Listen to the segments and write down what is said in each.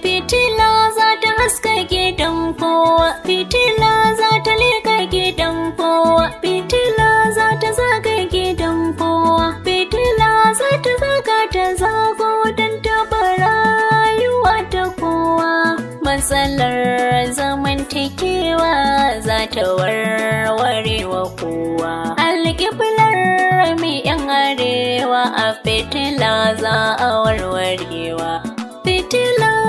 fitila za ta haska gidan kowa fitila za ta leka gidan kowa fitila za ta zaga gidan kowa fitila za ta zaga ta zago don taba rayuwa ta kowa matsalar zamantakewa za ta warware wa kowa Alkiblar mai yan arewa a fitila za a warwarewa fitila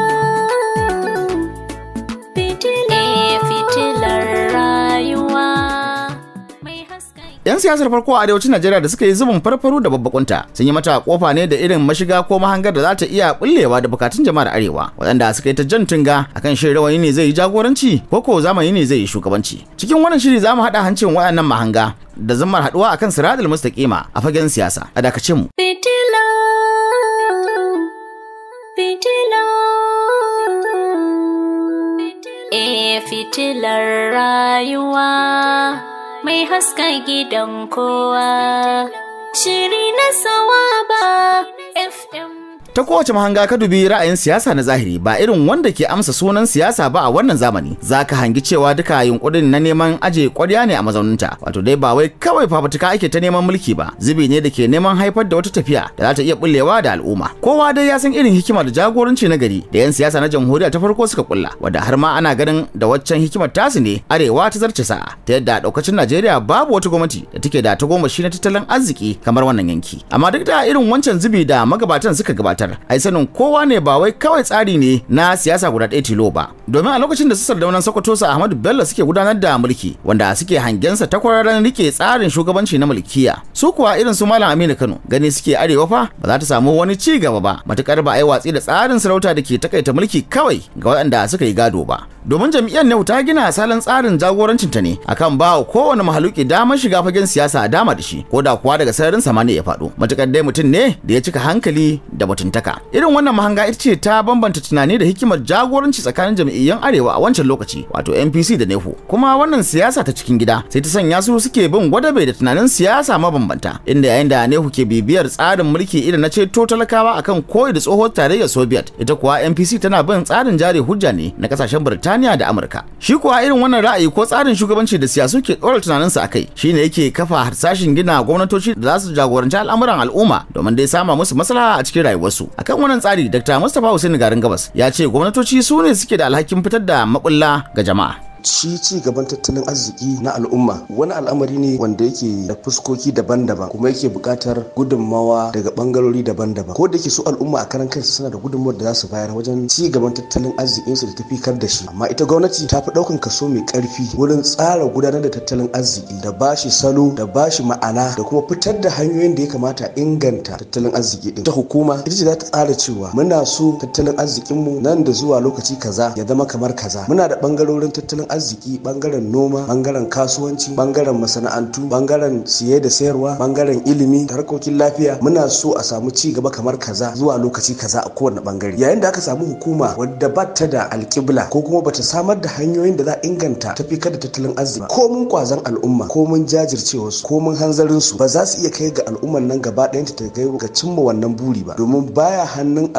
Yan siyasar farko a arewacin Najeriya da suka yi zubin farfaro da babbakunta sun yi mata kofa ne da irin mashiga ko mahangar da za ta iya bullewa da bukatun jama'ar arewa waɗanda suka yi ta jan tunga akan shirin rawani ne zai yi jagoranci ko ko zamani ne zai yi shugabanci. Cikin wannan shiri za mu haɗa hancin waɗannan mahanga da zammar haɗuwa akan siradul mustaƙima a fagen siyasa a dakacin mu. Fitila, fitilar rayuwa mai haska gidan kowa shiri na sawaba fm ta kowace mahanga ka dubi ra'ayin siyasa na zahiri ba irin wanda ke amsa sunan siyasa ba a wannan zamani za ka hangi cewa duka yunkurin na neman aje kwarya ne a mazauninta wato dai ba wai kawai fafutuka ake ta neman mulki ba zubi ne da ke neman haifar da wata tafiya da za ta iya bullewa da al'umma kowa dai ya san irin hikima da jagoranci na gari da yan siyasa na jamhuriya ta farko suka kulla wadda har ma ana ganin da waccan hikimar tasu ne arewa ta zarce sa'a ta yadda a daukacin najeriya babu wata gwamnati da take da ta goma shi na tattalin arziki kamar wannan yanki amma duk da irin wancan zubi da magabatan suka gabata buƙatar ai sanin kowa ne ba wai kawai tsari ne na siyasa guda ɗaya tilo ba domin a lokacin da su sardaunan sokoto su ahmadu bello suke gudanar da mulki wanda suke hangensa ta kwararren rike tsarin shugabanci na mulkiya su kuwa irin su malam aminu kano gani suke arewa fa ba za ta samu wani ci gaba ba matukar ba a yi watsi da tsarin sarauta da ke takaita mulki kawai ga waɗanda suka yi gado ba domin jam'iyyar nau ta gina salon tsarin jagorancin ta ne akan ba kowane mahaluki damar shiga fagen siyasa a dama da shi ko da kuwa daga sararin samaniya ya faɗo matukar dai mutum ne da ya cika hankali da mutum dangantaka irin wannan mahanga ita ce ta bambanta tunani da hikimar jagoranci tsakanin jam'iyyun arewa a wancan lokaci wato NPC da NEHO kuma wannan siyasa ta cikin gida sai ta sanya su suke bin gwadabe da tunanin siyasa mabambanta inda yayin da NEHO ke bibiyar tsarin mulki irin na ceto talakawa akan koyi da tsohon tarayyar Soviet ita kuwa NPC tana bin tsarin jari hujja ne na kasashen Birtaniya da Amurka shi kuwa irin wannan ra'ayi ko tsarin shugabanci da siyasu ke ɗora tunaninsa a kai shine yake kafa harsashin gina gwamnatoci da za su jagoranci al'amuran al'umma domin dai sama musu maslaha a cikin rayuwarsu su akan wannan tsari dr mustapha hussein garin gabas ya ce gwamnatoci su ne suke da alhakin fitar da makulla ga jama'a shi ci gaban tattalin arziki na al'umma wani al'amari ne wanda yake da fuskoki daban-daban kuma yake buƙatar gudummawa daga bangarori daban-daban ko da yake so al'umma a karan kansu suna da gudunmawar da za su bayar wajen ci gaban tattalin su da tafi kar da shi amma ita gwamnati ta fi ɗaukan kaso mai ƙarfi wurin tsara gudanar da tattalin arziki da bashi salo da bashi ma'ana da kuma fitar da hanyoyin da ya kamata inganta tattalin arziki din ta hukuma ita ce za ta tsara cewa muna so tattalin arzikin mu nan da zuwa lokaci kaza ya zama kamar kaza muna da bangarorin tattalin arziki bangaren noma bangaren kasuwanci bangaren masana'antu bangaren siye da sayarwa bangaren ilimi da harkokin lafiya muna so a samu ci gaba kamar kaza zuwa lokaci kaza a kowane bangare yayin da aka samu hukuma wadda ba ta da alkibla ko kuma bata samar da hanyoyin da za a inganta tafi da tattalin arziki ko mun kwazan al'umma ko mun jajircewa su ko mun hanzarin su ba za su iya kai ga al'umman nan gaba ɗayan ta kai ga cimma wannan buri ba domin baya hannun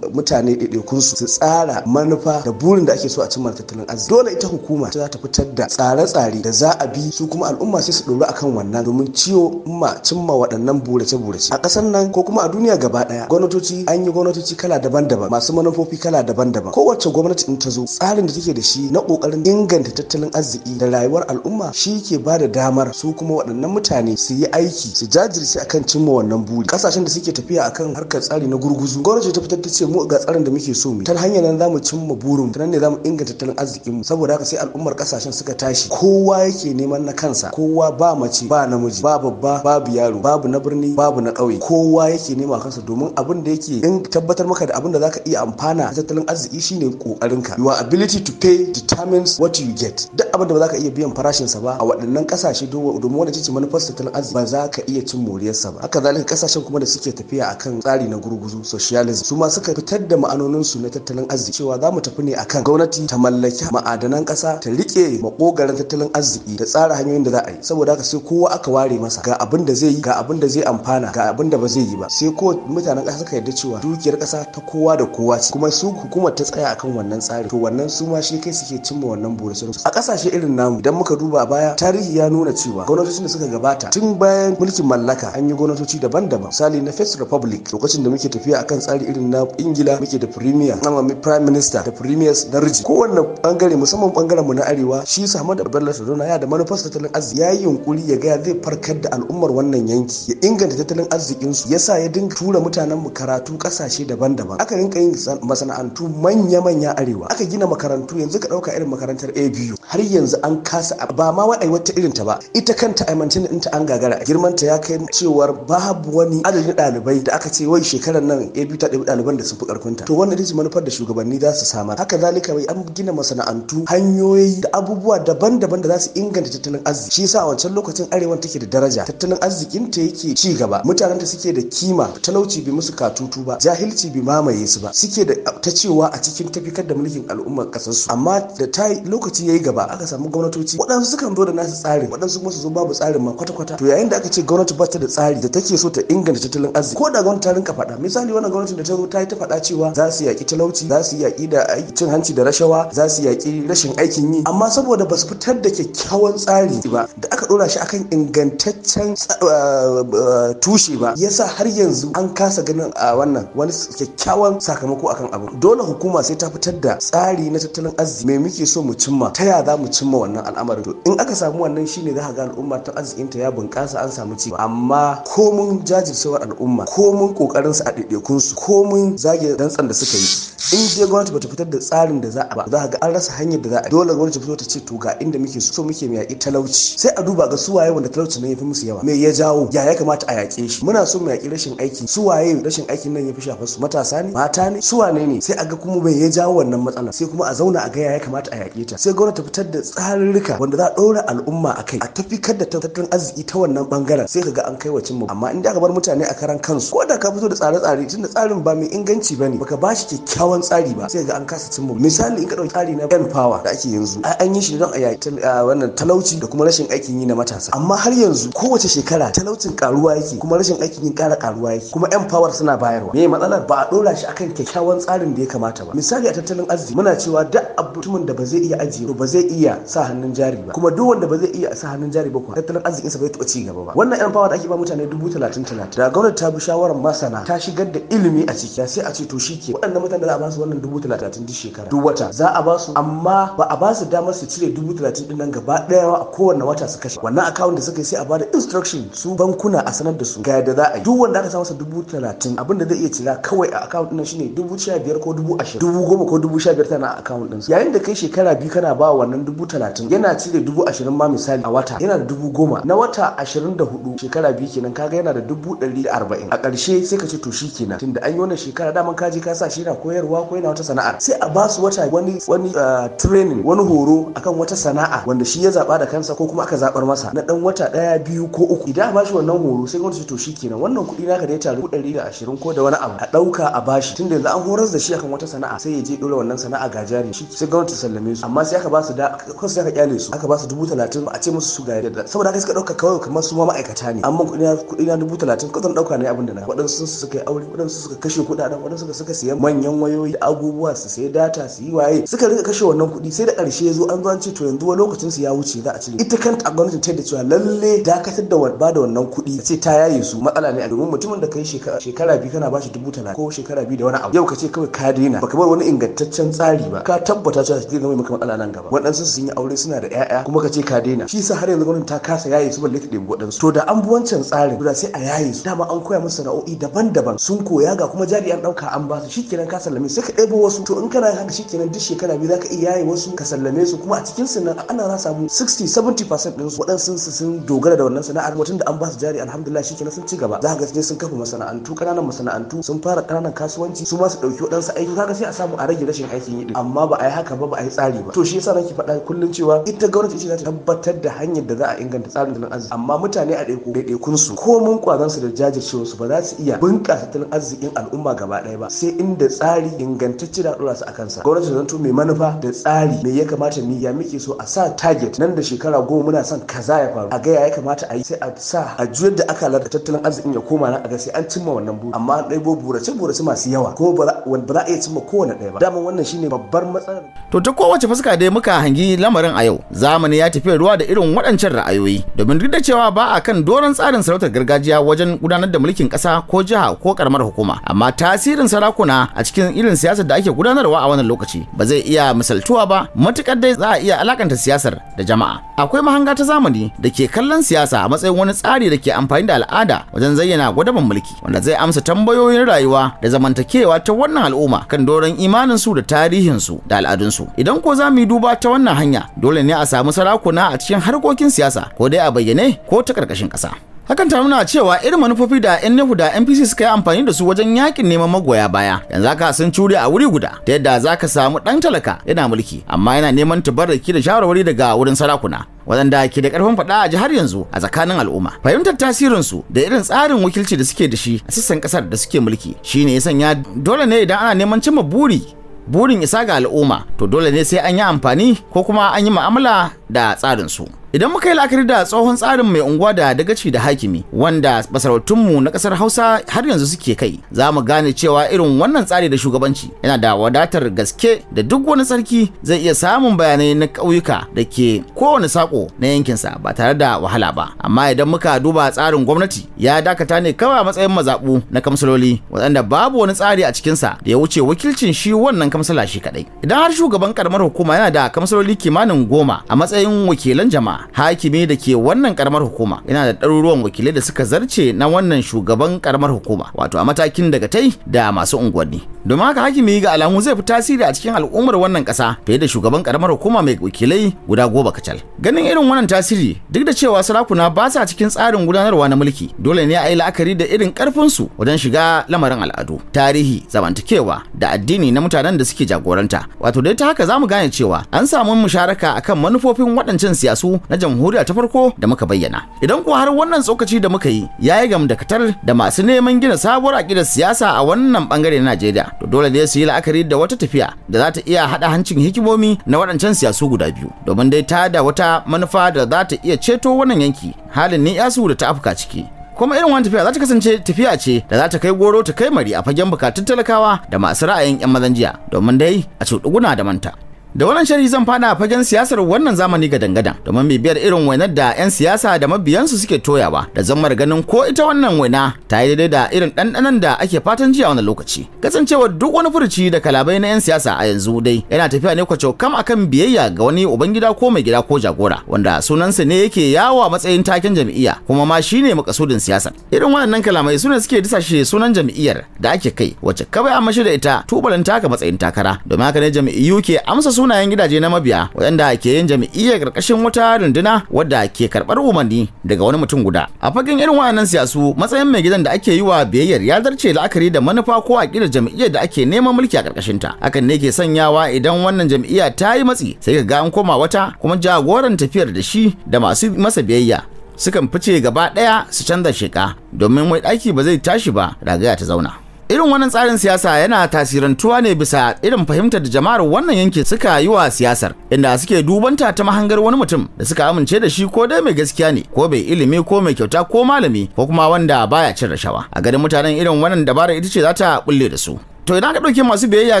mutane ɗaiɗaikun su su tsara manufa da burin da ake so a cimma tattalin arziki dole ita hukuma ita za ta fitar da tsare-tsare da za a bi su kuma al'umma sai su ɗoru akan wannan domin ciwo ma cimma waɗannan burace-burace a ƙasar nan ko kuma a duniya gaba ɗaya gwamnatoci an yi gwamnatoci kala daban-daban masu manufofi kala daban-daban kowace gwamnati in ta zo tsarin da take da shi na ƙoƙarin inganta tattalin arziki da rayuwar al'umma shi ke ba da damar su kuma waɗannan mutane su yi aiki su jajirce akan cimma wannan buri ƙasashen da suke tafiya akan harkar tsari na gurguzu gwamnati ta fitar da ce mu ga tsarin da muke so mu ta hanyar nan za mu cimma burin ta nan ne za mu inganta tattalin arzikinmu saboda haka sai al'umma al'ummar kasashen suka tashi kowa yake neman na kansa kowa ba mace ba namiji ba babba babu yaro babu na birni babu na ƙauye kowa yake nema kansa domin abin da yake in tabbatar maka da abin da zaka iya amfana tattalin arziki shine kokarinka your ability to pay determines what you get duk abin da ba zaka iya biyan farashin sa ba a waɗannan kasashe domin wanda ce manufar tattalin arziki ba za ka iya cin moriyar sa ba haka zalika kasashen kuma da suke tafiya akan tsari na gurguzu socialism su ma suka fitar da ma'anonin su na tattalin arziki cewa za mu tafi ne akan gwamnati ta mallaka. ma'adanan ƙasa ta rike makogarin tattalin arziki da tsara hanyoyin da za a yi saboda haka sai kowa aka ware masa ga abin da zai yi ga abin da zai amfana ga abin da ba zai yi ba sai ko mutanen ƙasa suka yarda cewa dukiyar ƙasa ta kowa da kowa ce kuma su hukumar ta tsaya akan wannan tsari to wannan su ma shi kai suke cimma wannan burin a ƙasashe irin namu idan muka duba a baya tarihi ya nuna cewa gwamnatoci da suka gabata tun bayan mulkin mallaka an yi gwamnatoci daban-daban misali na first republic lokacin da muke tafiya akan tsari irin na ingila muke da premier na prime minister da premiers na riji kowanne bangare musamman bangaren na arewa shi Samad Bello Sadona ya da manufar tattalin arziki ya yi yunkuri ya gaya zai farkar da al'ummar wannan yanki ya inganta tattalin arzikin su sa ya dinga tura mutanen mu karatu kasashe daban-daban aka rinka yin masana'antu manya-manya arewa aka gina makarantu yanzu ka dauka irin makarantar ABU har yanzu an kasa ba ma wai wata irin ta ba ita kanta aimantin ɗinta an gagara girman ta ya kai cewar babu wani adadin ɗalibai da aka ce wai shekarar nan ABU ta ɗabi ɗaliban da sun fi ƙarfinta to wannan ita manufar da shugabanni za su samar haka zalika bai an gina masana'antu hanyoyi hanyoyi da abubuwa daban-daban da za su inganta tattalin arziki shi yasa a wancan lokacin arewan take da daraja tattalin arzikin ta yake ci gaba mutanen ta suke da kima talauci bai musu katutu ba jahilci bai mamaye su ba suke da ta cewa a cikin tafikar da mulkin al'ummar kasar su amma da ta lokaci yayi gaba aka samu gwamnatoci waɗansu sukan zo da nasu tsarin waɗansu kuma su zo babu tsarin ma kwata-kwata to yayin da aka ce gwamnati ba ta da tsari da take so ta inganta tattalin arziki ko da gwamnati ta rinka faɗa misali wannan gwamnatin da ta zo ta yi ta faɗa cewa za su yaƙi talauci za su yaƙi da cin hanci da rashawa za su yaƙi rashin aikin yi amma saboda ba su fitar da kyakkyawan tsari ba da aka dora shi akan ingantaccen uh, uh, tushe ba yasa har yanzu an kasa ganin a uh, wannan wani kyakkyawan sakamako akan abu dole hukuma sai ta fitar da tsari na tattalin arziki me muke so mu cimma ta ya za mu cimma wannan al'amarin to in aka samu wannan shine za ka ga al'umma ta arzikinta ya bunƙasa an samu ci amma komun jajircewar al'umma komun kokarin su a ɗaiɗaikun su komun zage dantsan da suka yi in je gwamnati bata fitar da tsarin da za a ba za ga an rasa hanyar da za a dole gwamnati fito ta ce to ga inda muke so muke mu yaƙi talauci sai a duba ga suwaye wanda talauci nan yafi musu yawa me ya jawo ya ya kamata a yaƙe shi muna so mu yaki rashin aiki suwaye rashin aikin nan yafi shafa su matasa ne mata ne suwane ne sai a ga kuma me ya jawo wannan matsala sai kuma a zauna a ga ya kamata a yaƙe ta sai gwamnati fitar da rika wanda za a ɗora al'umma a kai a tafikar da tattalin arziki ta wannan bangaren sai kaga ga an kai wa mu amma in aka bar mutane a karan kansu ko da ka fito da tsare-tsare tunda tsarin ba mai inganci bane baka bashi kyakkyawan kyakkyawan tsari ba sai ga an kasa mu misali in ka dauki tsari na yan power da ake yanzu an yi shi don a yaƙi wannan talauci da kuma rashin aikin yi na matasa amma har yanzu kowace shekara talaucin karuwa yake kuma rashin aikin yin kara karuwa yake kuma yan power suna bayarwa me matsalar ba a dora shi akan kyakkyawan tsarin da ya kamata ba misali a tattalin arziki muna cewa duk mutumin da ba zai iya ajiye ba zai iya sa hannun jari ba kuma duk wanda ba zai iya sa hannun jari ba kuwa tattalin arzikinsa ba bai taɓa ci gaba ba wannan yan power da ake ba mutane dubu talatin talatin da gwamnati ta bi shawarar masana ta shigar da ilimi a ciki sai a ce to shi waɗannan mutanen da za a za su wannan dubu talatin duk shekara duk wata za a ba su amma ba a ba su damar su cire dubu talatin din nan gaba daya a kowane wata su kashe wannan account da suka yi sai a bada instruction su bankuna a sanar da su ga yadda za a yi duk wanda aka sa masa dubu talatin abin da zai iya cira kawai a account din shine dubu sha biyar ko dubu ashirin dubu goma ko dubu sha biyar tana account din yayin da kai shekara biyu kana ba wannan dubu talatin yana cire dubu ashirin ma misali a wata yana da dubu goma na wata ashirin da hudu shekara biyu kenan kaga yana da dubu ɗari da arba'in a ƙarshe sai ka ce to shi kenan tunda an yi wannan shekara daman kaji ka sa shi na koyar koyarwa ko yana wata sana'ar sai a basu wata wani wani ah, training wani horo akan wata sana'a wanda shi ya zaba da kansa ko kuma aka zabar masa na dan wata daya biyu ko uku idan a bashi wannan horo sai gwamnati to shikenan wannan kuɗi naka da ya taru 120 da ashirin ko da wani abu a ɗauka a bashi tunda yanzu an horar da shi akan wata sana'a sai ya je dora wannan sana'a ga jari shi sai gwamnati sallame su amma sai aka basu da ko sai aka kyale su aka basu dubu talatin a ce musu su ga yadda saboda haka suka ɗauka kawai kamar su ma ma'aikata ne amma kudi na dubu ko zan dauka ne abin da na wadansu suka yi aure wadansu suka kashe kuɗaɗen wadansu suka siya manyan wayo wayoyi abubuwa su sai data su yi waye suka rika kashe wannan kuɗi sai da ƙarshe ya zo an zo an ce to yanzu wani lokacin su ya wuce za a cire ita kanta gwamnati ta da cewa lalle dakatar da ba da wannan kuɗi ce ta yaye su matsala ne a domin mutumin da kai shekara biyu kana bashi dubu talatin ko shekara biyu da wani abu yau ka ce kawai ka daina baka bar wani ingantaccen tsari ba ka tabbata cewa zai zama maka matsala nan gaba waɗansu sun yi aure suna da ƴaƴa kuma ka ce ka daina shi sa har yanzu gwamnati ta kasa yaye su balle ta ɗebi waɗansu to da an bi wancan tsarin da sai a yaye su dama an koya musu sana'o'i daban-daban sun koya ga kuma jari'an ɗauka an ba su shikenan ka sallame sallame sai ka ɗebo wasu to in kana haka shikenan duk shekara biyu zaka iya yaye wasu ka sallame su kuma a cikin su nan ana na samu 60 70% din su waɗansu su sun dogara da wannan sana'ar mutum da an ba su jari alhamdulillah shikenan sun ci gaba za ka ga sun kafa masana'antu ƙananan masana'antu sun fara ƙananan kasuwanci su ma su ɗauki waɗansu aiki kaga sai a samu a rage rashin aikin yi amma ba a yi haka ba ba a yi tsari ba to shi yasa nake faɗa kullum cewa ita gwamnati ce za ta tabbatar da hanyar da za a inganta tsarin tattalin arziki amma mutane a ɗaiɗaikun su ko mun kwazan su da jajircewa su ba za su iya bunƙasa tattalin arzikin al'umma gaba ɗaya ba sai inda tsari ingantacce da dora su a kansa gwamnati zan mai manufa da tsari mai ya kamata mu ya muke so a sa target nan da shekara goma muna son kaza ya faru a ga ya kamata a yi sai a sa a juyar da aka lada tattalin arzikin ya koma nan a ga sai an cimma wannan buri amma an ɗaibo burace burace masu yawa ko ba za a iya cimma kowane ɗaya ba dama wannan shine babbar matsalar to ta kowace fuska dai muka hangi lamarin a yau zamani ya tafi ruwa da irin waɗancan ra'ayoyi domin duk da cewa ba a kan doron tsarin sarautar gargajiya wajen gudanar da mulkin kasa ko jiha ko karamar hukuma amma tasirin sarakuna a cikin irin siyasar da ake gudanarwa a wannan lokaci ba zai iya misaltuwa ba matukar dai za a iya alakanta siyasar da jama'a akwai mahanga ta zamani da ke kallon siyasa a matsayin wani tsari da ke amfani da al'ada wajen zayyana gwadaban mulki wanda zai amsa tambayoyin rayuwa da zamantakewa ta wannan al'umma kan doron imanin su da tarihin su da al'adun su idan ko za mu yi duba ta wannan hanya dole ne a samu sarakuna a cikin harkokin siyasa ko dai a bayyane ko ta karkashin ƙasa. Hakan ta nuna cewa irin manufofi da 'yan Nehu da NPC suka yi amfani da su wajen yakin neman magoya baya. Yanzu haka sun cure a wuri guda ta yadda za ka samu ɗan talaka yana mulki amma yana neman tabarraki da shawarwari daga wurin sarakuna. waɗanda ke da ƙarfin faɗa a jihar yanzu a tsakanin al'umma fahimtar tasirinsu da irin tsarin wakilci da suke da shi a sassan ƙasar da suke mulki shine ya sanya dole ne idan ana neman cimma buri burin isa ga al'umma to dole ne sai an yi amfani ko kuma an yi mu'amala da tsarin su. idan muka yi la'akari da tsohon tsarin mai unguwa da dagaci da hakimi wanda masarautunmu na kasar hausa har yanzu suke kai za mu gane cewa irin wannan tsari da shugabanci yana da wadatar gaske da duk wani sarki zai iya samun bayanai na ƙauyuka da ke kowane sako na yankinsa ba tare da wahala ba amma idan muka duba tsarin gwamnati ya dakata ne kawai a matsayin mazaɓu na kamsaloli waɗanda babu wani tsari a cikinsa da ya wuce wakilcin shi wannan kamsala shi kaɗai idan har shugaban karamar hukuma yana da kamsaloli kimanin goma a matsayin wakilan jama'a hakimi da ke wannan karamar hukuma yana da ɗaruruwan wakilai da suka zarce na wannan shugaban karamar hukuma wato a matakin daga tai da masu unguwanni domin haka hakimi ga alamu zai fi tasiri a cikin al'ummar wannan ƙasa fiye da shugaban karamar hukuma mai wakilai guda goma kacal ganin irin wannan tasiri duk da cewa sarakuna ba sa cikin tsarin gudanarwa na mulki dole ne a yi la'akari da irin ƙarfinsu wajen shiga lamarin al'adu tarihi zamantakewa da addini na mutanen da suke jagoranta wato dai ta haka za mu gane cewa an samu musharaka akan manufofin waɗancan siyasu na jamhuriya ta farko da muka bayyana idan ko har wannan tsokaci da muka yi ya yi gamdakatar da masu neman gina sabuwar aƙidar siyasa a wannan bangare na Najeriya to dole ne su yi la'akari da wata tafiya da za ta iya haɗa hancin hikimomi na waɗancan siyasu guda biyu domin dai ta da wata manufa da za ta iya ceto wannan yanki halin ne yasu da ta afka ciki kuma irin wani tafiya za ta kasance tafiya ce da za ta kai goro ta kai mari a fagen bukatun talakawa da masu ra'ayin 'yan mazan jiya domin dai a cuɗuguna da manta Da wannan shari zan fada fagen siyasar wannan zamani ga dangadan domin bibiyar irin wainar da 'yan siyasa da mabiyansu suke toyawa da zammar ganin ko ita wannan waina ta yi daidai da irin ɗanɗanan da ake fatan jiya a wannan lokaci. Kasancewar duk wani furuci da kalabai na 'yan siyasa a yanzu dai yana tafiya ne kwaco kam akan biyayya ga wani ubangida ko mai gida ko jagora wanda sunansa ne yake yawo a matsayin taken jam'iyya kuma ma shine makasudin siyasa. Irin waɗannan kalamai sune suke shi sunan jam'iyyar da ake kai wacce kawai amma mashi da ita tubalin taka matsayin takara domin haka ne jam'iyyu ke amsa sunayen gidaje na mabiya waɗanda ake yin jam'iyyar karkashin wata runduna wadda ke karɓar umarni daga wani mutum guda a fagen irin wa'annan siyasu matsayin mai gidan da ake yi wa biyayyar ya zarce la'akari da manufa ko aƙidar jam'iyyar da ake neman mulki a karkashin ta hakan ne ke sanyawa idan wannan jami'iyya ta yi matsi sai ka ga an koma wata kuma jagoran tafiyar da shi da masu masa biyayya sukan fice gaba ɗaya su canza sheka domin wai ɗaki ba zai tashi ba ragaya ta zauna irin wannan tsarin siyasa yana tasirantuwa ne bisa irin fahimtar da jama'ar wannan yanki suka yi wa siyasar inda suke dubanta ta mahangar wani mutum da suka amince da shi ko dai mai gaskiya ne ko bai ilimi ko mai kyauta ko malami ko kuma wanda baya cin rashawa a garin mutanen irin wannan dabara ita ce za ta bulle da su to idan ka ɗauke masu biyayya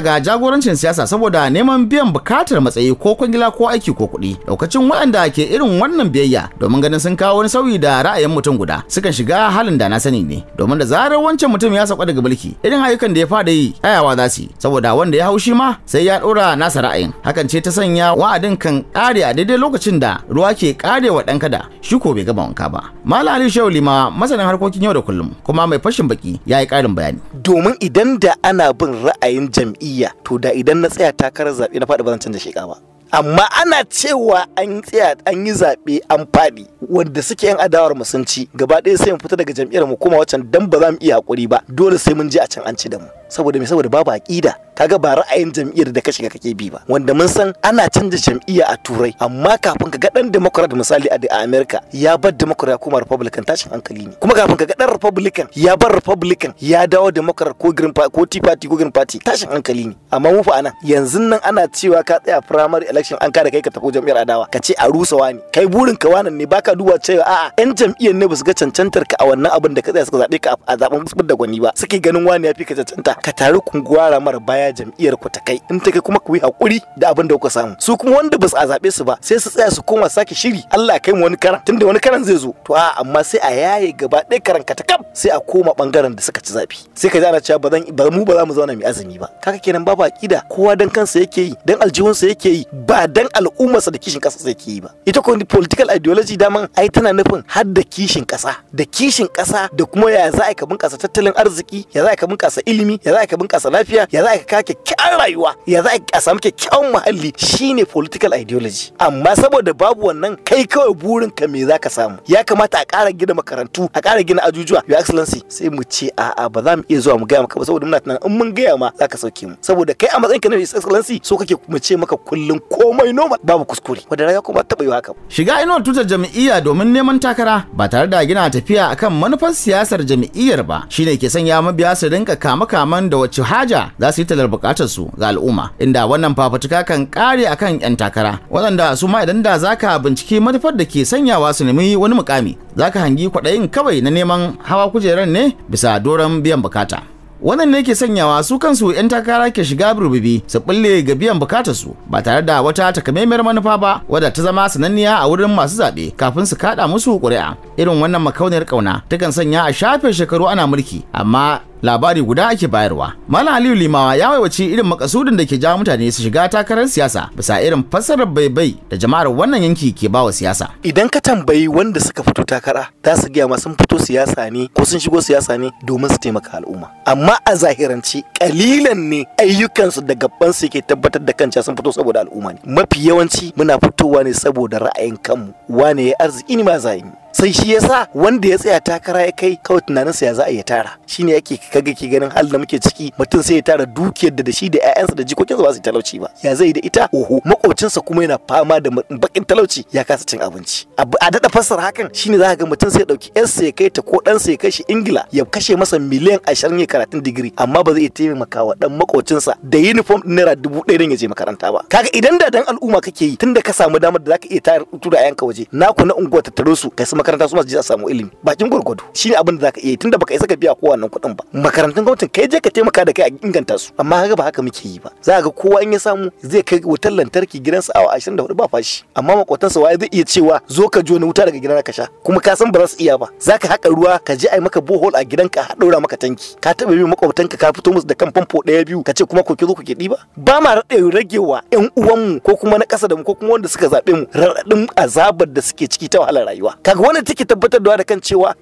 ga jagorancin siyasa saboda neman biyan bukatar matsayi ko kwangila ko aiki ko kuɗi daukacin waɗanda ke irin wannan biyayya domin ganin sun kawo wani sauyi da ra'ayin mutum guda sukan shiga halin da na sani ne domin da zarar wancan mutum ya sauka daga mulki irin ayyukan da ya fada yi ayawa za su yi saboda wanda ya haushi ma sai ya ɗora nasa ra'ayin hakan ce ta sanya wa'adin kan ƙare a daidai lokacin da ruwa ke ƙarewa ɗan kada shi ko bai gama wanka ba malam ali shehu lima masanin harkokin yau da kullum kuma mai fashin baki ya yi ƙarin bayani domin idan da ana bin ra'ayin jam'iyya to da idan na tsaya takarar zaɓe na faɗi ba zan canza sheka ba amma ana cewa an tsaya an yi zaɓe an faɗi wanda suke yan adawar mu sun ci gaba ɗaya sai mu fita daga jam'iyyar mu koma wacan dan ba za mu iya hakuri ba dole sai mun je a can an ci da mu saboda me saboda babu aƙida kaga ba ra'ayin jam'iyyar da ka shiga kake bi ba wanda mun san ana canja jam'iyya a turai amma kafin ka ga dan democrat misali a america ya bar democrat kuma republican tashin hankali ne kuma kafin ka ga dan republican ya bar republican ya dawo democrat ko green party ko tea party ko green party tashin hankali ne amma mu fa anan yanzu nan ana cewa ka tsaya primary election an kare kai ka tafi jam'iyyar adawa ka ce a rusa wani kai burin ka wannan ne baka duba cewa a'a yan jam'iyyar ne ba su ga cancantar ka a wannan abin da ka tsaya suka zabe ka a zaben da gwani ba suke ganin wani ya fi ka cancanta ka taru kun gwara mara baya jam'iyyar ku ta kai in ta kai kuma ku yi hakuri da abin da kuka samu su kuma wanda ba su a zaɓe su ba sai su tsaya su koma sake shiri Allah kai mu wani karan tunda wani karan zai zo to a amma sai a yaye gaba ɗaya karan ka ta kam sai a koma bangaren da suka ci zafi. sai ka ji ana cewa ba zan ba mu ba za mu zauna mai azumi ba kaka kenan babu akida kowa dan kansa yake yi dan aljihun aljihunsa yake yi ba dan al'ummarsa da kishin ƙasa yake yi ba ita ko political ideology daman ai tana nufin har da kishin kasa da kishin kasa da kuma ya za a tattalin arziki ya za a ilimi ya za ka bunƙasa lafiya ya za ka kyakkyawan rayuwa ya za ka samu kyakkyawan muhalli shine political ideology amma saboda babu wannan kai kawai burin ka me za ka samu ya kamata a ƙara gina makarantu a ƙara gina ajujuwa your excellency sai mu ce a'a ba za mu iya zuwa mu gaya maka ba saboda muna tunanin in mun gaya ma za ka sauke mu saboda kai a matsayin ka na your excellency so kake mu ce maka kullum komai noma babu kuskure wanda rayuwa kuma taɓa yi haka ba. shiga inuwar tutar jam'iyya domin neman takara ba tare da gina tafiya akan manufar siyasar jam'iyyar ba shine ke sanya mabiya su rinka kama kama daman da wacce haja za su yi talar bukatar su ga al'umma inda wannan fafutuka kan kare akan yan takara waɗanda su ma idan da zaka binciki manufar da ke sanyawa su nemi wani mukami zaka hangi kwaɗayin kawai na neman hawa kujerar ne bisa doron biyan bukata wannan ne ke sanyawa su kansu 'yan takara ke shiga burbubi su bulle ga biyan su, ba tare da wata takamaimiyar manufa ba wadda ta zama sananniya a wurin masu zaɓe kafin su kaɗa musu ƙuri'a irin wannan makauniyar ƙauna takan sanya a shafe shekaru ana mulki amma labari guda ake bayarwa malam aliyu limawa ya waiwaci irin makasudin da ke jawo mutane su shiga takarar siyasa bisa irin fassarar baibai da jama'ar wannan yanki ke bawa siyasa idan ka tambayi wanda suka fito takara za su gaya ma sun fito siyasa ne ko sun shigo siyasa ne domin su taimaka al'umma amma a zahirance kalilan ne ayyukansu da gaban su ke tabbatar da kanci sun fito saboda al'umma ne mafi yawanci muna fitowa ne saboda ra'ayin kanmu wane ya arziki ni ma yi. sai shi yasa wanda ya tsaya takara ya kai kawai tunaninsa ya za a ya tara shine yake kaga ke ganin halin da muke ciki mutum sai ya tara dukiyar da da shi da ƴaƴansa da jikokinsa ba su talauci ba ya zai da ita oho makocinsa kuma yana fama da bakin talauci ya kasa cin abinci a dada fassara hakan shine za ka ga mutum sai ya dauki ƴarsa ya kai ta ko ɗansa ya kai shi Ingila ya kashe masa miliyan ashirin ya karatun digiri amma ba zai iya taimaka wa dan makocinsa da uniform naira dubu ɗaya don ya je makaranta ba kaga idan da dan al'umma kake yi tunda ka samu damar da zaka iya tura 'ya'yanka waje naku na unguwa tattaro su kai su makaranta su masu je a samu ilimi bakin gurgudu shine abin da zaka iya tunda baka isa ka biya kowa wannan kuɗin ba makarantun gwamnati kai je ka taimaka da kai a inganta su amma kaga ba haka muke yi ba za ga kowa in ya samu zai kai wutar lantarki gidansa awa 24 ba fashi amma makotansa waye zai iya cewa zo ka jona wuta daga gidana ka sha kuma ka san ba za su iya ba za ka haƙa ruwa ka je ai maka borehole a gidanka a ɗora maka tanki ka taba yi makwabtanka ka fito musu da kan famfo ɗaya biyu ka ce kuma ko ki zo ku ki diba ba ma ragewa ƴan uwanmu ko kuma na ƙasa da mu ko kuma wanda suka zaɓe mu raɗaɗin azabar da suke ciki ta wahalar rayuwa kaga wannan take tabbatar da kan cewa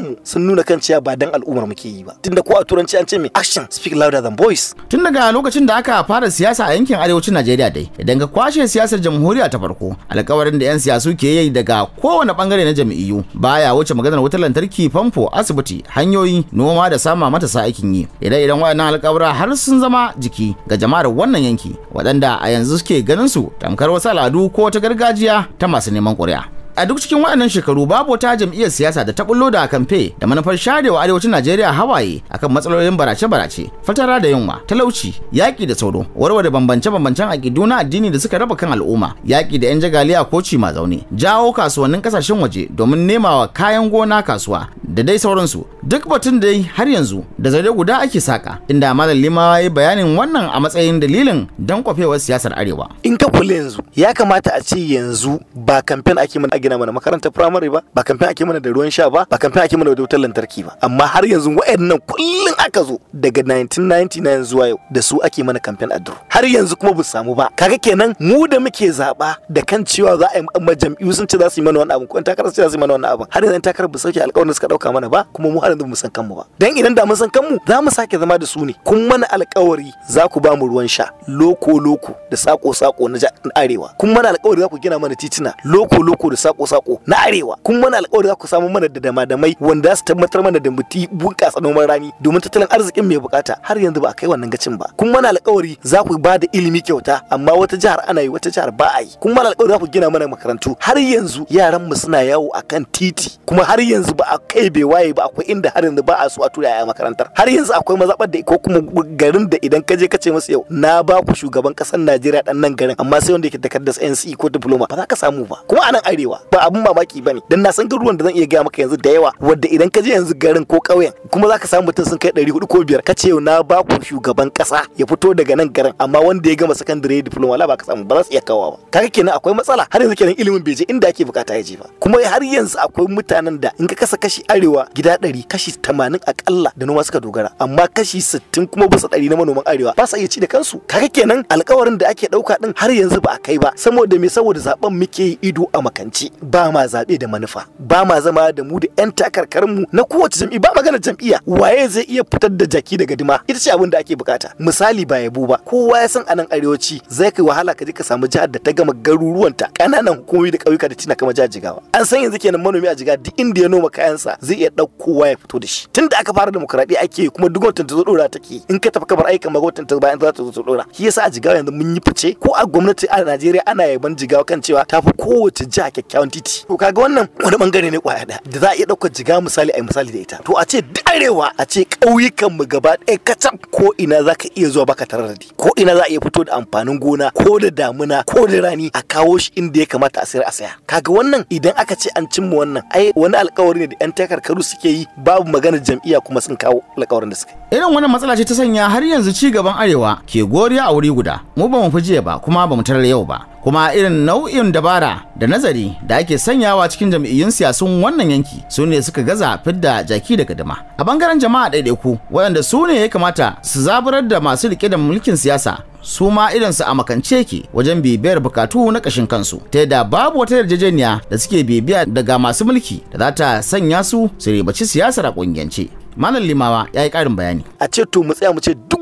mu sun nuna kan cewa ba dan al'ummar muke yi ba tunda ko a turanci an ce me action speak louder than voice tun daga lokacin da aka fara siyasa a yankin arewacin Najeriya dai idan ka kwashe siyasar jamhuriya ta farko alkawarin da yan siyasu ke yi daga kowane bangare na jam'iyyu baya wuce maganar wutar lantarki famfo asibiti hanyoyi noma da sama matasa aikin yi idan idan wayannan alƙawura har sun zama jiki ga jama'ar wannan yanki waɗanda a yanzu suke ganin su tamkar wasu al'adu ko ta gargajiya ta masu neman ƙuri'a a duk cikin waɗannan shekaru babu wata jam'iyyar siyasa da ta bullo da kamfe da manufar sharewa arewacin Najeriya hawaye akan matsalolin barace-barace, fatara da yunwa, talauci, yaƙi da sauro, warware bambance-bambancen aƙidu na addini da suka raba kan al'umma, yaƙi da 'yan jagaliya ko ma zaune, jawo kasuwannin kasashen waje domin nemawa kayan gona kasuwa da dai sauransu. Duk batun dai har yanzu da zare guda ake saka, inda Malam Limawa ya bayanin wannan a matsayin dalilin dankwafewar siyasar Arewa. In ka kula yanzu, ya kamata a ce yanzu ba kamfen ake mana gina mana makarantar firamare ba ba kamfen ake mana da ruwan sha ba ba kamfen ake mana da wutar lantarki ba amma har yanzu waɗannan kullun aka zo daga 1999 zuwa yau da su ake mana kamfen adur har yanzu kuma bu samu ba kaga kenan mu da muke zaba da kan cewa za a yi majam'iyyu sun ce za su yi mana wani abin ko an takarar ce za su yi mana wani abin har yanzu an takarar bu sauke alƙawarin da suka ɗauka mana ba kuma mu har yanzu mu san kanmu ba dan idan da mun san kanmu za mu sake zama da su ne kun mana alƙawari za ku ba mu ruwan sha loko loko da sako sako na arewa kun mana alƙawari za ku gina mana titina loko loko da sako sako-sako na arewa kuma muna alƙawari za ku samu mana da dama-damai wanda za su tabbatar mana da muti bunƙasa noman rani domin tattalin arzikin mai bukata har yanzu ba a kai wannan gacin ba kuma muna alƙawari za ku ba da ilimi kyauta amma wata jihar ana yi wata jihar ba a yi kuma muna alƙawari za ku gina mana makarantu har yanzu yaran mu suna yawo akan titi kuma har yanzu ba a kai bai waye ba akwai inda har yanzu ba a so a tura yaya makarantar har yanzu akwai mazaɓar da ko kuma garin da idan ka je ka ce masu yau na ba ku shugaban ƙasar Najeriya dan nan garin amma sai wanda yake takardar NC e ko diploma ba za ka samu ba kuma anan arewa ba abun mamaki bane dan na san garuruwan da zan iya gaya maka yanzu da yawa wanda idan ka je yanzu garin ko ƙauyen kuma zaka samu mutum sun kai 400 ko biyar ka ce na ba ku shugaban kasa ya fito daga nan garin amma wanda ya gama secondary diploma la ba ka samu ba za su iya kawo ba kaga kenan akwai matsala har yanzu kenan ilimin bai je inda ake bukata ya je ba kuma har yanzu akwai mutanen da in ka kasa kashi arewa gida 100 kashi 80 akalla da noma suka dogara amma kashi 60 kuma bisa 100 na manoman arewa ba sa iya ci da kansu kaga kenan alƙawarin da ake dauka din har yanzu ba a kai ba saboda me saboda zaben muke yi ido a makanci ba ma zaɓe da manufa ba ma zama da mu da 'yan takarkarmu na kowace jam'i ba magana jam'iyya waye zai iya fitar da jaki daga dima ita ce abin da ake bukata misali ba yabo ba kowa ya san anan arewaci zai kai wahala ka je ka samu jihar da ta gama garuruwanta kananan hukumomi da ƙauyuka da tina kama jihar jigawa an san yanzu kenan manomi a jigawa duk inda ya noma kayansa zai iya ɗaukowa ya fito da shi tunda aka fara demokradiyya ake kuma duk watan ta zo dora take in ka tafi kamar aikin magwatan ta bayan za ta zo ta dora shi yasa a jigawa yanzu mun yi fice ko a gwamnati a Najeriya ana yaban jigawa kan cewa ta fi kowace jiha kyakkyawa on titi to kaga wannan wani bangare ne kwaya da za a iya ɗaukar jiga misali a misali da ita to a ce arewa a ce kauyukan mu gaba ɗaya kacab ko ina zaka iya zuwa baka tarar da ko ina za a iya fito da amfanin gona ko da damuna ko da rani a kawo shi inda ya kamata a sayar a saya kaga wannan idan aka ce an cimma wannan ai wani alkawari ne da yan takarkaru suke yi babu magana jam'iyya kuma sun kawo alkawarin da suka irin wannan matsala ce ta sanya har yanzu ci gaban arewa ke goriya a wuri guda mu ba mu fi jiya ba kuma ba mu tarar yau ba kuma irin nau'in dabara da nazari da ake sanyawa cikin jam'iyyun siyasun wannan yanki su ne suka gaza fidda jaki daga dama a bangaren jama'a ɗaiɗaiku waɗanda su ne ya kamata su zaburar da masu rike da mulkin siyasa su ma irinsu a makance ke wajen bibiyar bukatu na kashin kansu ta yadda babu wata yarjejeniya da suke bibiya daga masu mulki da za ta sanya su su ribaci siyasar a ƙungiyance malam limawa ya yi ƙarin bayani a ce to mu tsaya mu ce duk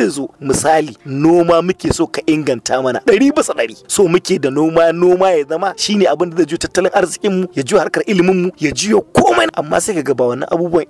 zai zo misali noma muke so ka inganta mana ɗari bisa ɗari so muke da noma noma ya zama shine abin da zai ji tattalin arzikin mu ya ji harkar ilimin mu ya ji komai amma sai ka ga wannan abubuwan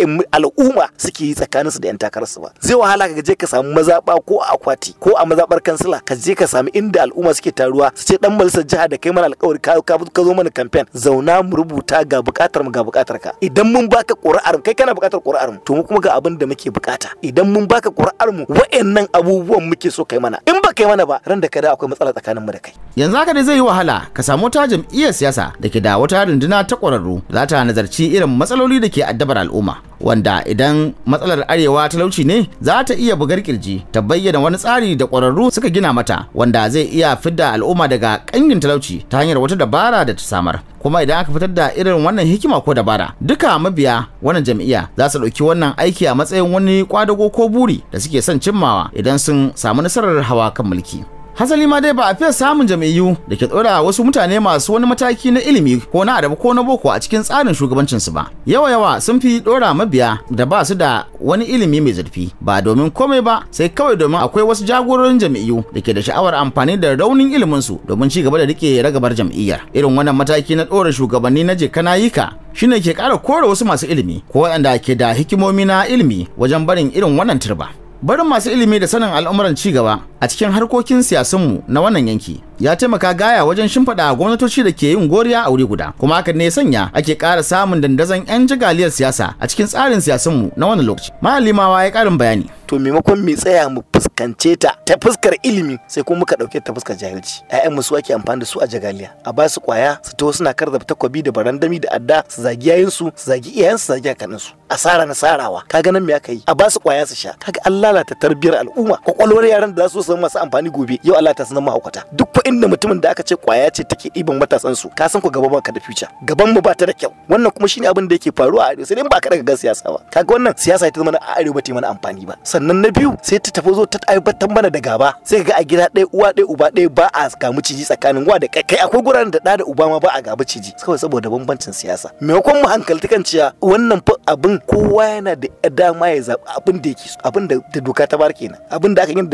yan al'umma suke yi tsakanin su da yan takarar su ba zai wahala ka je ka samu mazaba ko a akwati ko a mazabar kansila ka je ka samu inda al'umma suke taruwa su ce dan majalisar jiha da kai mana alƙawari ka zo mana campaign zauna mu rubuta ga buƙatar mu ga buƙatar ka idan mun baka ƙuri'ar kai kana buƙatar ƙuri'ar mu to mu kuma ga abin da muke bukata idan mun baka ƙuri'ar mu wa'annan abubuwan muke so kai mana in ba kai mana ba ran da ka da akwai matsala tsakaninmu da kai yanzu haka ne zai yi wahala ka samu ta jam'iyyar siyasa Dake da wata runduna ta ƙwararru za ta nazarci irin matsaloli da ke addabar al'umma wanda idan matsalar arewa talauci ne za ta iya bugar kirji ta bayyana wani tsari da ƙwararru suka gina mata wanda zai iya fidda al'umma daga ƙangin talauci ta hanyar wata dabara da ta samar kuma idan aka fitar da irin wannan hikima ko dabara duka mabiya wannan jam'iyya za su ɗauki wannan aiki a matsayin wani kwadago ko buri da suke son cimmawa idan sun samu nasarar hawa kan mulki hasali ma dai ba a fiye samun jam'iyyu da ke ɗora wasu mutane masu wani mataki na ilimi ko na adabu ko na boko a cikin tsarin shugabancinsu ba yawa yawa sun fi ɗora mabiya da ba su da wani ilimi mai zurfi ba domin komai ba sai kawai domin akwai wasu jagororin jam'iyyu da ke da sha'awar amfani da raunin iliminsu domin ci gaba da rike ragabar jam'iyyar irin wannan mataki na ɗora shugabanni na je kana yika shine ke ƙara kore wasu masu ilimi ko waɗanda ke da hikimomi na ilimi wajen barin irin wannan turba barin masu ilimi da sanin al'umuran ci gaba a cikin harkokin siyasunmu na wannan yanki ya taimaka gaya wajen shimfiɗa gwamnatoci da ke yin goriya a wuri guda kuma hakan ne sanya ake ƙara samun dandazon 'yan jigaliyar siyasa a cikin tsarin siyasanmu na wani lokaci malimawa ya karin bayani to maimakon mu tsaya mu fuskance ta ta fuskar ilimi sai kuma muka ɗauke ta fuskar jahilci ƴaƴan mu su ake amfani da su a jagaliya a ba su ƙwaya su taho suna karza takobi da barandami da adda su zagi yayin su su zagi iyayen su zagi sara su asara na sarawa kaga nan me aka yi a ba su ƙwaya su sha kaga an lalata tarbiyar al'umma kwakwalwar yaran da za su zama masu amfani gobe yau Allah ta sanar mahaukata duk inda mutumin da aka ce kwaya ce take ɗiban matasan su ka san ku gaba baka da future gaban mu ba ta da kyau wannan kuma shine abin da yake faruwa a arewa sai dai ba ka daga gan siyasa ba kaga wannan siyasa ita mana a arewa ta mana amfani ba sannan na biyu sai ta tafi zo ta aibatar mana da gaba sai ga a gida ɗaya uwa ɗaya uba ɗaya ba a gamu ciji tsakanin wa da kai kai akwai guraren da ɗa da uba ma ba a gamu ciji kawai saboda bambancin siyasa maimakon mu ta kan cewa wannan fa abin kowa yana da dama ya zaɓi abin da yake so abin da doka ta bar kenan abin da aka yi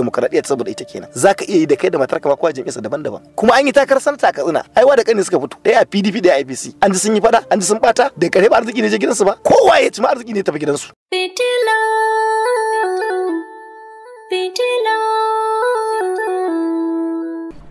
da saboda ita kenan zaka iya yi da kai da matarka ba kowa jami'a daban daban-daban kuma an yi takarar sanata a katsina aiwa da kani suka fito ɗaya a pdp da apc an ji sun yi fada an ji sun bata da kare ba arziki ne je gidansu ba kowa ya ci ma arziki ne tafi gidansu Pitilo Pitilo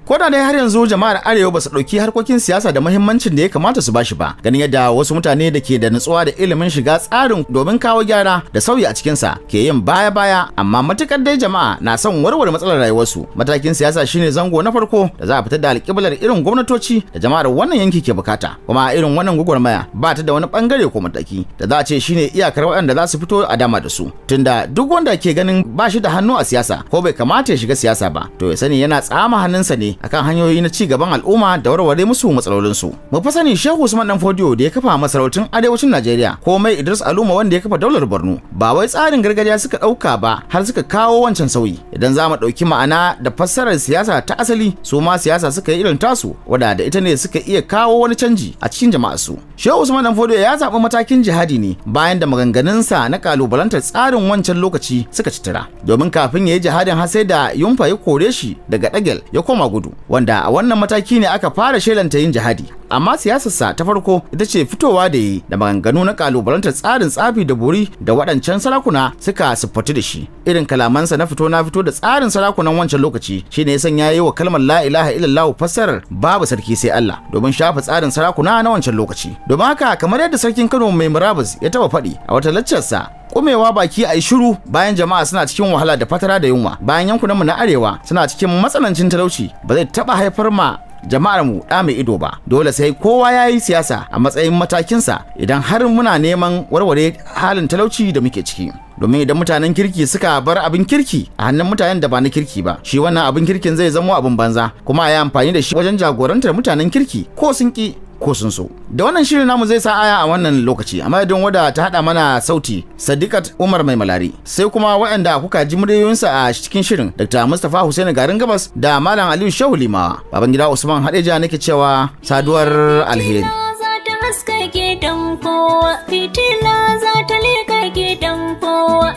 ko da har yanzu jama'ar arewa ba su ɗauki harkokin siyasa da muhimmancin da ya kamata su bashi ba ganin yadda wasu mutane da ke da nutsuwa da ilimin shiga tsarin domin kawo gyara da sauyi a cikinsa ke yin baya-baya amma matukar dai jama'a na son warware matsalar rayuwarsu matakin siyasa shine zango na farko da za a fitar da alƙiblar irin gwamnatoci da jama'ar wannan yanki ke bukata kuma irin wannan gwagwarmaya ba ta da wani bangare ko mataki da za a ce shine iyakar waɗanda za su fito a dama da su tunda duk wanda ke ganin ba shi da hannu a siyasa ko bai kamata ya shiga siyasa ba to ya sani yana tsama hannunsa ne akan hanyoyi na ci gaban al'umma da warware musu matsalolinsu. Mu fa sani Shehu Usman Dan Fodio da ya kafa masarautun arewacin Najeriya ko mai Idris Aluma wanda ya kafa daular Borno ba wai tsarin gargajiya suka ɗauka ba har suka kawo wancan sauyi. Idan za mu ɗauki ma'ana da fassarar siyasa ta asali su ma siyasa suka yi irin tasu Wada da ita ne suka iya kawo wani canji a cikin su. Shehu Usman Dan Fodio ya zaɓi matakin jihadi ne bayan da maganganunsa na kalubalantar tsarin wancan lokaci suka ci Domin kafin ya yi jihadin har sai da Yumfa ya kore shi daga Dagel ya koma gudu. kudu wanda a wannan mataki ne aka fara shelanta yin jihadi amma siyasarsa ta farko ita ce fitowa da yi da maganganu na kalubalantar tsarin tsafi da buri da waɗancan sarakuna suka siffatu da shi irin kalamansa na fito na fito da tsarin sarakunan wancan lokaci shine ya sanya yi wa kalmar la ilaha illallah fassarar babu sarki sai Allah domin shafa tsarin sarakuna na wancan lokaci domin haka kamar yadda sarkin Kano mai murabus ya taba faɗi a wata laccarsa kumewa baki a shiru bayan jama'a suna cikin wahala da fatara da yunwa bayan yankunan mu na arewa suna cikin matsanancin talauci ba zai taba haifar ma jama'ar mu da mai ido ba dole sai kowa ya yi siyasa a matsayin matakinsa idan har muna neman warware halin talauci da muke ciki domin idan mutanen kirki suka bar abin kirki a hannun mutanen da ba na kirki ba shi wannan abin kirkin zai zamo abin banza kuma a yi amfani da shi wajen jagorantar mutanen kirki ko sun ki ko sun so da wannan shirin namu zai sa aya a wannan lokaci amma don wada ta haɗa mana sauti sadiqat umar mai malari sai kuma waɗanda kuka ji muryoyinsa a cikin shirin dr mustapha hussein garin gabas da malam aliyu shehu limawa babangida usman hadeja nake cewa saduwar alheri fitila za ta leka gidan kowa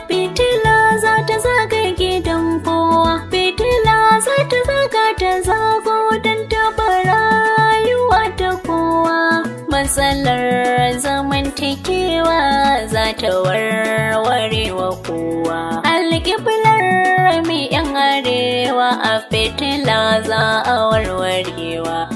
ta warwarewa kowa alƙiblar mai yan arewa a fitila za a warwarewa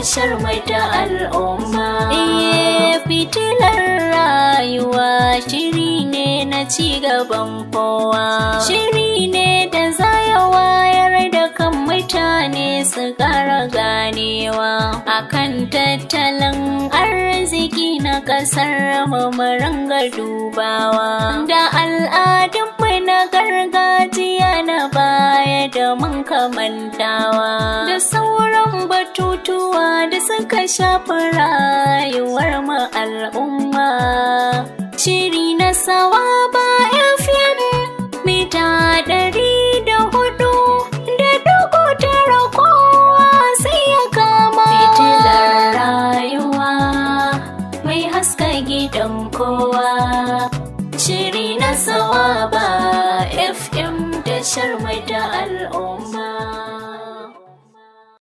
tashar mai al'umma. Iye eh, fitilar rayuwa shiri ne na ci gaban kowa. Shiri ne da zaya wayar da kan mutane su kara ganewa. a kan tattalin arziki na ƙasar mu dubawa. Da al'adunmu na gargajiya na baya da mun kamantawa. sauran batutuwa da suka shafi rayuwar mu al'umma shiri na sawa ba fm mita ɗari da hudu